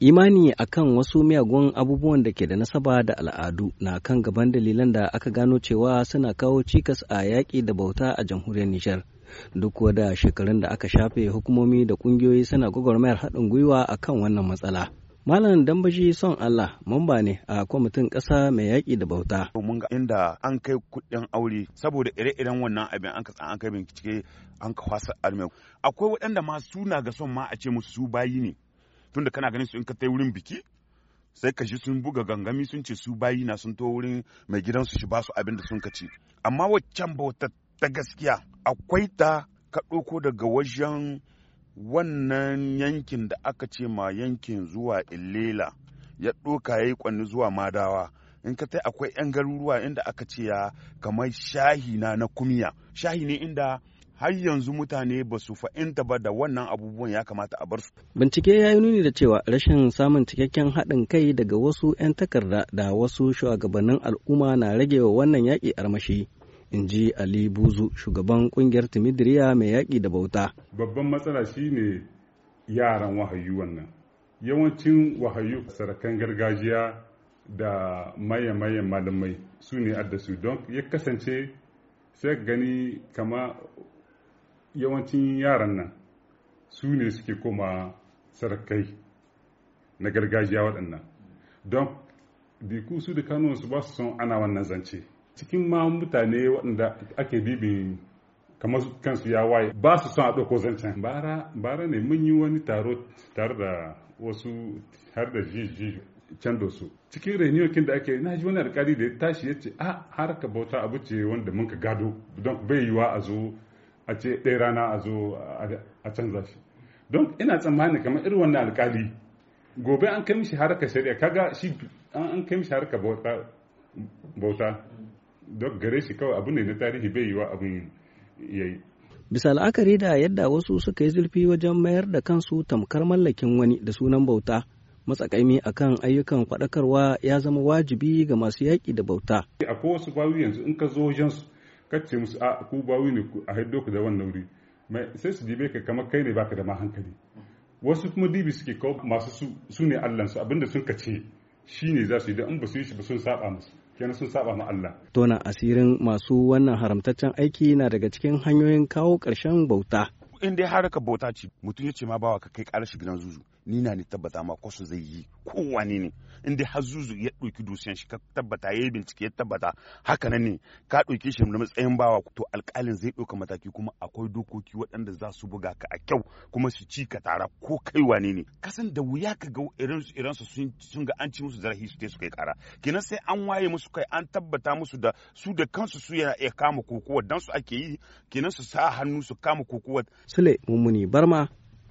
Imani akan wasu miyagun abubuwan da ke da nasaba da al'adu na kan gaban dalilan da aka gano cewa suna kawo cikas a yaƙi da bauta a jamhuriyar Nijar. Duk da shekarun da aka shafe hukumomi da ƙungiyoyi suna gwagwarmayar haɗin gwiwa akan wannan matsala. Malam Dambashi son Allah mamba ne a kwamitin ƙasa mai yaƙi da bauta. Mun inda an kai kuɗin aure saboda ire-iren wannan abin an katsa an kai bincike an kawasa Akwai waɗanda ma suna ga son ma a ce musu su bayi ne. tunda kana ganin su in ka tai wurin biki sai ka ji sun buga gangami sun ce su bayi na sun to wurin mai gidansu shi ba su abin da sun ka ci amma waccan bauta ta gaskiya akwai ta ka ɗauko daga wajen wannan yankin da aka ce ma yankin zuwa illela ya ɗoka ya yi kwanni zuwa madawa in ka tai akwai 'yan garuruwa inda aka ce ya kamar shahi na na kumiya shahi ne inda har yanzu mutane ba su fa'inta ba da wannan abubuwan ya kamata a bar su. Bincike ya yi nuni da cewa rashin samun cikakken haɗin kai daga wasu 'yan takarda da wasu shugabannin al'umma na rage wa wannan yaƙi armashi. in ji Ali Buzu shugaban ƙungiyar Timidiriya mai yaƙi da bauta. Babban matsala shine yaran wahayu wannan. Yawancin wahayu sarakan gargajiya da maye-maye malamai su ne addasu don ya kasance sai gani kama yawancin yaran nan su ne suke koma sarkai na gargajiya waɗannan don biku su da su ba su son ana wannan zance cikin ma mutane waɗanda ake bibin kamar kansu ya waye ba su son a ɗauko zancen bara ne mun yi wani taro tare da wasu har da jiji can su cikin reniyokin da ake na ji wani alkali da ya tashi ya ce a ah, harka bauta abu ce wanda mun ka gado don bai yiwa a zo a ce ɗaya rana a zo a canza shi don ina tsammani kamar irin wannan alkali gobe an kai mishi harkar shari'a kaga shi an kai mishi harkar bauta don gare shi kawai abu ne na tarihi bai yi wa abin yayi bisa la'akari da yadda wasu suka yi zurfi wajen mayar da kansu tamkar mallakin wani da sunan bauta matsakaimi akan ayyukan faɗakarwa ya zama wajibi ga masu yaƙi da bauta akwai wasu bayu yanzu in ka zo wajensu kacce musu a ku bawi ne a haddo ku da wannan wuri mai sai su dibe ka kamar kai ne baka da ma hankali wasu kuma dibi suke kawo masu su su ne Allah su abinda sun kace shine za su yi da in ba su yi shi ba sun saba musu kenan sun saba ma Allah tona asirin masu wannan haramtaccen aiki na daga cikin hanyoyin kawo ƙarshen bauta in dai ka bauta ce mutum ya ce ma bawa ka kai ƙarar shi gidan zuzu ni na ni tabbata ma kwasu zai yi kowane ne inda dai har ya ɗauki dosiyan shi ka tabbata ya yi bincike ya tabbata haka ne ka ɗauki shi da matsayin bawa to alƙalin zai ɗauka mataki kuma akwai dokoki waɗanda za su buga ka a kyau kuma su ci ka tara ko kai wane ne kasan da wuya ka ga irin su sun ga an ci musu zarafi su su kai kara kenan sai an waye musu kai an tabbata musu da su da kansu su yana iya kama kokowa dan su ake yi kenan su sa hannu su kama kokowa sule mummuni barma